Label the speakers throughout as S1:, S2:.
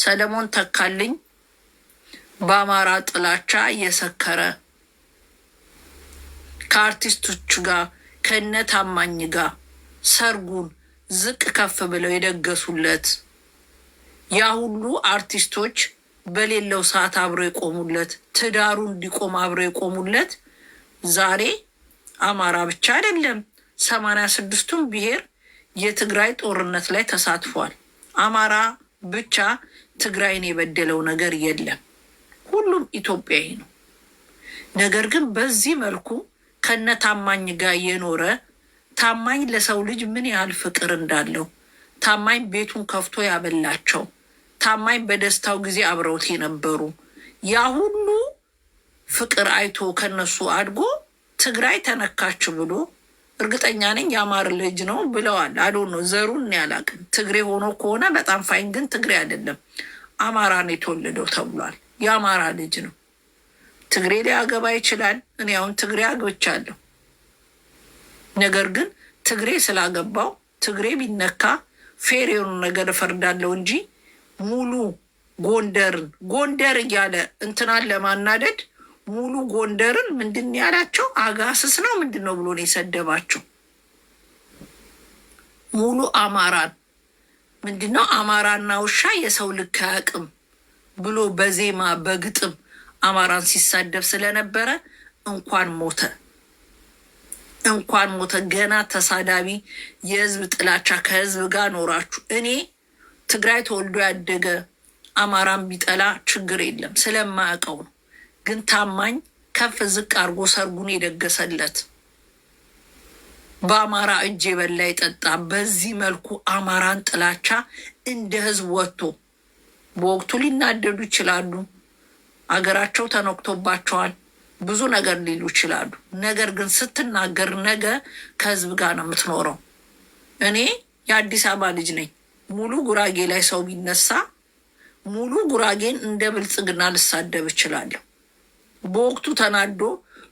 S1: ሰለሞን ተካልኝ በአማራ ጥላቻ እየሰከረ ከአርቲስቶች ጋር ከነ ታማኝ ጋር ሰርጉን ዝቅ ከፍ ብለው የደገሱለት ያ ሁሉ አርቲስቶች በሌለው ሰዓት አብረው የቆሙለት ትዳሩ እንዲቆም አብረው የቆሙለት ዛሬ አማራ ብቻ አይደለም፣ ሰማንያ ስድስቱም ብሔር የትግራይ ጦርነት ላይ ተሳትፏል። አማራ ብቻ ትግራይን የበደለው ነገር የለም። ሁሉም ኢትዮጵያዊ ነው። ነገር ግን በዚህ መልኩ ከነ ታማኝ ጋር የኖረ ታማኝ ለሰው ልጅ ምን ያህል ፍቅር እንዳለው ታማኝ ቤቱን ከፍቶ ያበላቸው ታማኝ በደስታው ጊዜ አብረውት የነበሩ ያ ሁሉ ፍቅር አይቶ ከነሱ አድጎ ትግራይ ተነካች ብሎ እርግጠኛ ነኝ የአማር ልጅ ነው ብለዋል። አዶ ነው ዘሩን ያላቅም ትግሬ ሆኖ ከሆነ በጣም ፋይን፣ ግን ትግሬ አይደለም አማራ ነው የተወለደው ተብሏል። የአማራ ልጅ ነው። ትግሬ ሊያገባ ይችላል። እኔ አሁን ትግሬ አግብቻለሁ። ነገር ግን ትግሬ ስላገባው ትግሬ ቢነካ ፌር የሆኑ ነገር እፈርዳለሁ እንጂ ሙሉ ጎንደርን ጎንደር እያለ እንትናን ለማናደድ ሙሉ ጎንደርን ምንድን ያላቸው አጋስስ ነው ምንድን ነው ብሎ ነው የሰደባቸው። ሙሉ አማራን ምንድን ነው አማራና ውሻ የሰው ልክ አያውቅም ብሎ በዜማ በግጥም አማራን ሲሳደብ ስለነበረ እንኳን ሞተ እንኳን ሞተ። ገና ተሳዳቢ የህዝብ ጥላቻ ከህዝብ ጋር ኖራችሁ። እኔ ትግራይ ተወልዶ ያደገ አማራን ቢጠላ ችግር የለም ስለማያውቀው ነው። ግን ታማኝ ከፍ ዝቅ አድርጎ ሰርጉን የደገሰለት በአማራ እጅ የበላ የጠጣ በዚህ መልኩ አማራን ጥላቻ እንደ ህዝብ ወጥቶ በወቅቱ ሊናደዱ ይችላሉ። አገራቸው ተነክቶባቸዋል። ብዙ ነገር ሊሉ ይችላሉ። ነገር ግን ስትናገር ነገ ከህዝብ ጋር ነው የምትኖረው። እኔ የአዲስ አበባ ልጅ ነኝ። ሙሉ ጉራጌ ላይ ሰው ቢነሳ ሙሉ ጉራጌን እንደ ብልጽግና ልሳደብ እችላለሁ። በወቅቱ ተናዶ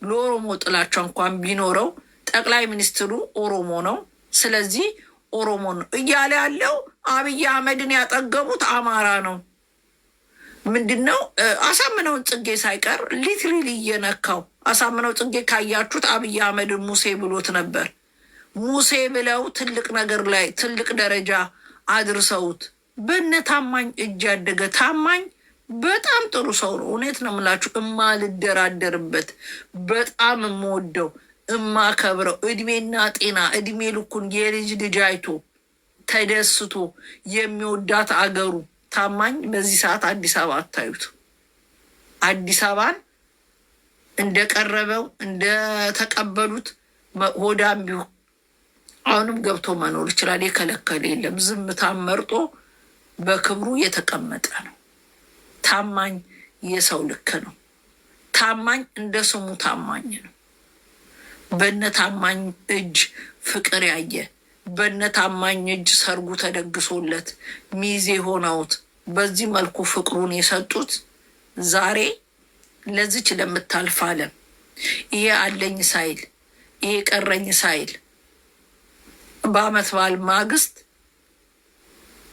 S1: ለኦሮሞ ጥላቻ እንኳን ቢኖረው ጠቅላይ ሚኒስትሩ ኦሮሞ ነው፣ ስለዚህ ኦሮሞ ነው እያለ ያለው አብይ አህመድን ያጠገቡት አማራ ነው። ምንድን ነው አሳምነውን ጽጌ ሳይቀር ሊትሪል እየነካው አሳምነው ጽጌ ካያችሁት አብይ አህመድን ሙሴ ብሎት ነበር። ሙሴ ብለው ትልቅ ነገር ላይ ትልቅ ደረጃ አድርሰውት በነ ታማኝ እጅ ያደገ ታማኝ በጣም ጥሩ ሰው ነው። እውነት ነው የምላችሁ፣ እማልደራደርበት በጣም የምወደው እማከብረው፣ እድሜና ጤና እድሜ ልኩን የልጅ ልጅ አይቶ ተደስቶ የሚወዳት አገሩ ታማኝ። በዚህ ሰዓት አዲስ አበባ አታዩት። አዲስ አበባን እንደቀረበው እንደተቀበሉት ሆዳም ቢሆን አሁንም ገብቶ መኖር ይችላል። የከለከለ የለም። ዝምታ መርጦ በክብሩ የተቀመጠ ነው። ታማኝ የሰው ልክ ነው። ታማኝ እንደ ስሙ ታማኝ ነው። በነ ታማኝ እጅ ፍቅር ያየ በነ ታማኝ እጅ ሰርጉ ተደግሶለት ሚዜ ሆነውት በዚህ መልኩ ፍቅሩን የሰጡት ዛሬ ለዚች ለምታልፍ ዓለም ይሄ አለኝ ሳይል ይሄ ቀረኝ ሳይል በአመት በዓል ማግስት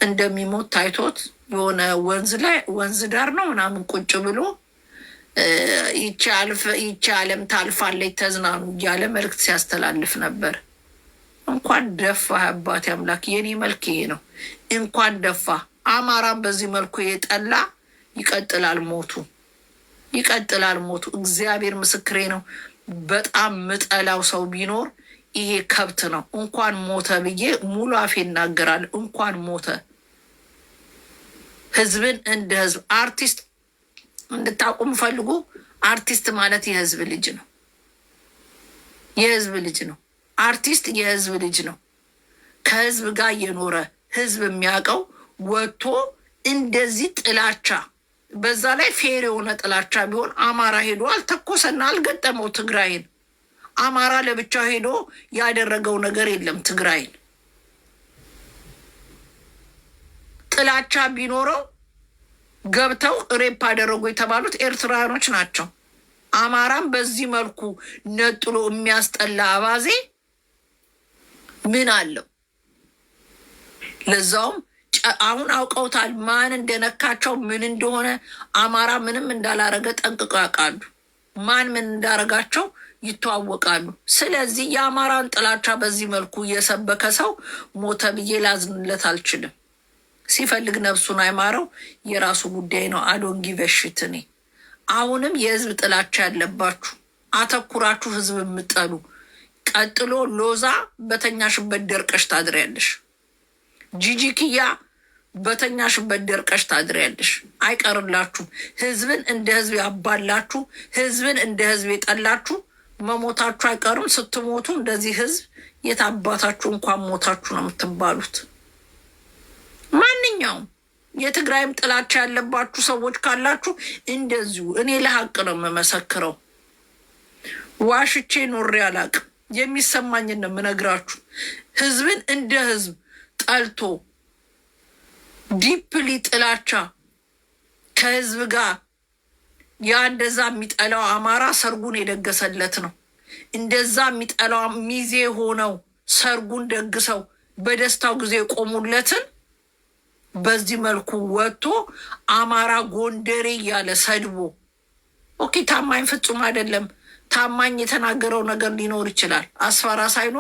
S1: እንደሚሞት ታይቶት የሆነ ወንዝ ላይ ወንዝ ዳር ነው ምናምን ቁጭ ብሎ ይቺ ዓለም ታልፋለች ተዝናኑ እያለ መልእክት ሲያስተላልፍ ነበር። እንኳን ደፋ አባቴ አምላክ፣ የኔ መልክ ይሄ ነው። እንኳን ደፋ አማራን በዚህ መልኩ የጠላ ይቀጥላል ሞቱ፣ ይቀጥላል ሞቱ። እግዚአብሔር ምስክሬ ነው። በጣም ምጠላው ሰው ቢኖር ይሄ ከብት ነው። እንኳን ሞተ ብዬ ሙሉ አፌ ይናገራል። እንኳን ሞተ ህዝብን እንደ ህዝብ አርቲስት እንድታቁም ፈልጉ። አርቲስት ማለት የህዝብ ልጅ ነው። የህዝብ ልጅ ነው። አርቲስት የህዝብ ልጅ ነው። ከህዝብ ጋር የኖረ ህዝብ የሚያውቀው ወጥቶ እንደዚህ ጥላቻ በዛ ላይ ፌር የሆነ ጥላቻ ቢሆን አማራ ሄዶ አልተኮሰና አልገጠመው ትግራይን አማራ ለብቻ ሄዶ ያደረገው ነገር የለም። ትግራይን ጥላቻ ቢኖረው ገብተው ሬፕ አደረጉ የተባሉት ኤርትራኖች ናቸው። አማራም በዚህ መልኩ ነጥሎ የሚያስጠላ አባዜ ምን አለው? ለዛውም አሁን አውቀውታል። ማን እንደነካቸው ምን እንደሆነ አማራ ምንም እንዳላረገ ጠንቅቀው ያውቃሉ። ማን ምን እንዳረጋቸው ይተዋወቃሉ። ስለዚህ የአማራን ጥላቻ በዚህ መልኩ እየሰበከ ሰው ሞተ ብዬ ላዝንለት አልችልም። ሲፈልግ ነፍሱን አይማረው፣ የራሱ ጉዳይ ነው። አዶንጊ በሽት እኔ አሁንም የህዝብ ጥላቻ ያለባችሁ አተኩራችሁ ህዝብ የምጠሉ ቀጥሎ ሎዛ በተኛሽበት ደርቀሽ ታድሪያለሽ። ጂጂክያ በተኛሽበት ደርቀሽ ታድሪያለሽ። አይቀርላችሁም። ህዝብን እንደ ህዝብ ያባላችሁ፣ ህዝብን እንደ ህዝብ የጠላችሁ መሞታችሁ አይቀርም። ስትሞቱ እንደዚህ ህዝብ የት አባታችሁ እንኳን ሞታችሁ ነው የምትባሉት። ማንኛውም የትግራይም ጥላቻ ያለባችሁ ሰዎች ካላችሁ እንደዚሁ እኔ ለሀቅ ነው የምመሰክረው። ዋሽቼ ኖሬ አላቅም። የሚሰማኝን ነው የምነግራችሁ። ህዝብን እንደ ህዝብ ጠልቶ ዲፕሊ ጥላቻ ከህዝብ ጋር ያ እንደዛ የሚጠላው አማራ ሰርጉን የደገሰለት ነው። እንደዛ የሚጠላው ሚዜ ሆነው ሰርጉን ደግሰው በደስታው ጊዜ የቆሙለትን በዚህ መልኩ ወጥቶ አማራ ጎንደሬ እያለ ሰድቦ ኦኬ፣ ታማኝ ፍጹም አይደለም። ታማኝ የተናገረው ነገር ሊኖር ይችላል። አስፋራ ሳይኖ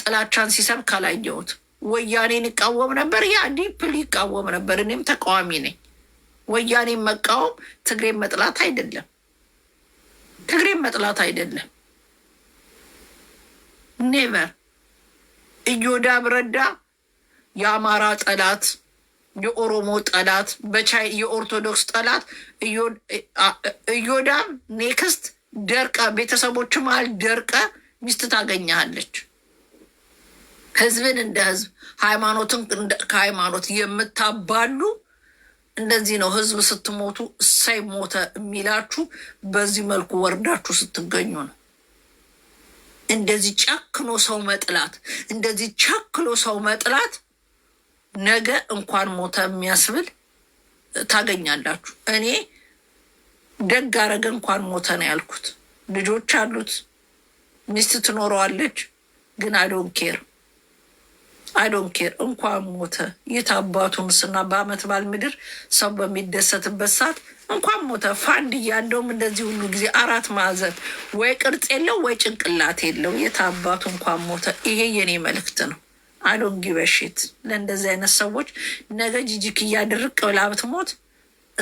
S1: ጥላቻን ሲሰብ ካላየሁት ወያኔን ይቃወም ነበር። ያ ዲፕል ይቃወም ነበር። እኔም ተቃዋሚ ነኝ። ወያኔ መቃወም ትግሬን መጥላት አይደለም። ትግሬን መጥላት አይደለም። ኔቨር እዮዳ ብረዳ የአማራ ጠላት፣ የኦሮሞ ጠላት፣ በቻይ የኦርቶዶክስ ጠላት እዮዳ ኔክስት ደርቀ ቤተሰቦች መሃል ደርቀ ሚስት ታገኘሃለች። ህዝብን እንደ ህዝብ ሃይማኖትን ከሃይማኖት የምታባሉ እንደዚህ ነው ህዝብ ስትሞቱ እሳይ ሞተ የሚላችሁ በዚህ መልኩ ወርዳችሁ ስትገኙ ነው። እንደዚህ ጨክኖ ሰው መጥላት፣ እንደዚህ ቸክሎ ሰው መጥላት ነገ እንኳን ሞተ የሚያስብል ታገኛላችሁ። እኔ ደግ አረገ እንኳን ሞተ ነው ያልኩት። ልጆች አሉት፣ ሚስት ትኖረዋለች፣ ግን አይ ኬር አይዶን ኬር እንኳን ሞተ የት አባቱ ምስና በአመት ባል ምድር ሰው በሚደሰትበት ሰዓት እንኳን ሞተ ፋንድ እንደውም እንደዚህ ሁሉ ጊዜ አራት ማዕዘን ወይ ቅርጽ የለው ወይ ጭንቅላት የለው የት አባቱ እንኳን ሞተ። ይሄ የኔ መልእክት ነው። አይዶን ጊበሽት ለእንደዚህ አይነት ሰዎች ነገ ጂጂክያ ድርቅ ብላ ብትሞት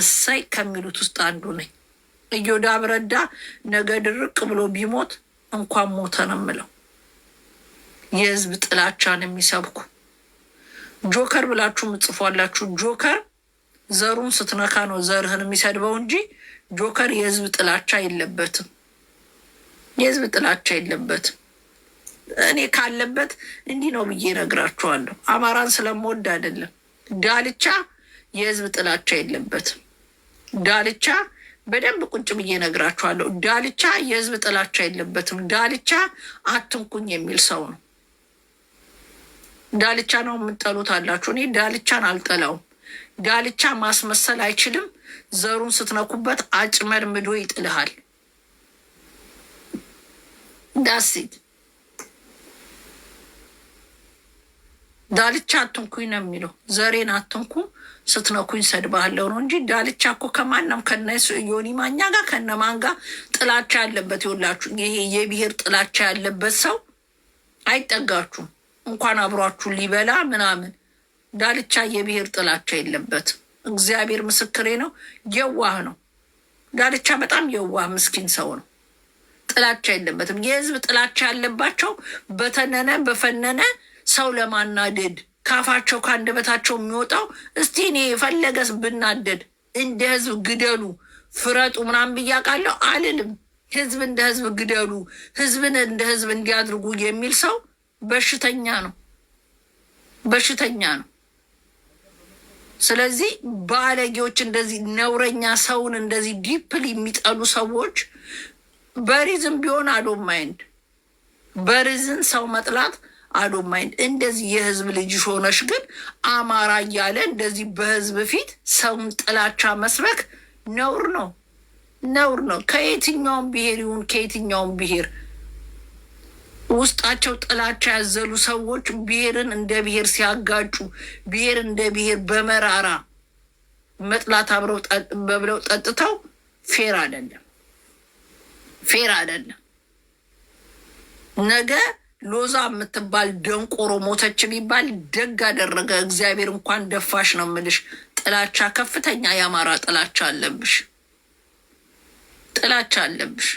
S1: እሰይ ከሚሉት ውስጥ አንዱ ነኝ። እዮዳብ ረዳ ነገ ድርቅ ብሎ ቢሞት እንኳን ሞተ ነው የምለው። የህዝብ ጥላቻን የሚሰብኩ ጆከር ብላችሁ ምጽፏላችሁ። ጆከር ዘሩን ስትነካ ነው ዘርህን የሚሰድበው እንጂ ጆከር የህዝብ ጥላቻ የለበትም። የህዝብ ጥላቻ የለበትም። እኔ ካለበት እንዲህ ነው ብዬ ነግራችኋለሁ። አማራን ስለምወድ አይደለም። ዳልቻ የህዝብ ጥላቻ የለበትም። ዳልቻ በደንብ ቁጭ ብዬ ነግራችኋለሁ። ዳልቻ የህዝብ ጥላቻ የለበትም። ዳልቻ አትንኩኝ የሚል ሰው ነው። ዳልቻ ነው የምጠሉት አላችሁ። እኔ ዳልቻን አልጠላውም። ዳልቻ ማስመሰል አይችልም። ዘሩን ስትነኩበት አጭመር ምዶ ይጥልሃል። ዳሴት ዳልቻ አትንኩኝ ነው የሚለው። ዘሬን አትንኩ ስትነኩኝ ሰድባለሁ ነው እንጂ ዳልቻ እኮ ከማንም ከነ ዮኒ ማኛ ጋር ከነማን ጋር ጥላቻ ያለበት ይኸውላችሁ፣ ይሄ የብሄር ጥላቻ ያለበት ሰው አይጠጋችሁም። እንኳን አብሯችሁ ሊበላ ምናምን ዳልቻ የብሔር ጥላቻ የለበትም። እግዚአብሔር ምስክሬ ነው። የዋህ ነው ዳልቻ፣ በጣም የዋህ ምስኪን ሰው ነው። ጥላቻ የለበትም። የህዝብ ጥላቻ ያለባቸው በተነነ በፈነነ ሰው ለማናደድ ካፋቸው ከአንደበታቸው የሚወጣው እስቲ እኔ የፈለገስ ብናደድ እንደ ህዝብ ግደሉ፣ ፍረጡ ምናምን ብዬ አልልም። ህዝብ እንደ ህዝብ ግደሉ፣ ህዝብን እንደ ህዝብ እንዲያድርጉ የሚል ሰው በሽተኛ ነው፣ በሽተኛ ነው። ስለዚህ ባለጌዎች እንደዚህ ነውረኛ ሰውን እንደዚህ ዲፕል የሚጠሉ ሰዎች በሪዝን ቢሆን አዶን ማይንድ በሪዝን ሰው መጥላት አዶን ማይንድ። እንደዚህ የህዝብ ልጅ ሆነሽ ግን አማራ እያለ እንደዚህ በህዝብ ፊት ሰውን ጥላቻ መስበክ ነውር ነው፣ ነውር ነው። ከየትኛውም ብሄር ይሁን ከየትኛውም ብሄር ውስጣቸው ጥላቻ ያዘሉ ሰዎች ብሔርን እንደ ብሔር ሲያጋጩ ብሔር እንደ ብሔር በመራራ መጥላት አብረው በብለው ጠጥተው ፌር አይደለም፣ ፌር አይደለም። ነገ ሎዛ የምትባል ደንቆሮ ሞተች ቢባል ደግ አደረገ እግዚአብሔር። እንኳን ደፋሽ ነው የምልሽ። ጥላቻ ከፍተኛ የአማራ ጥላቻ አለብሽ፣ ጥላቻ አለብሽ።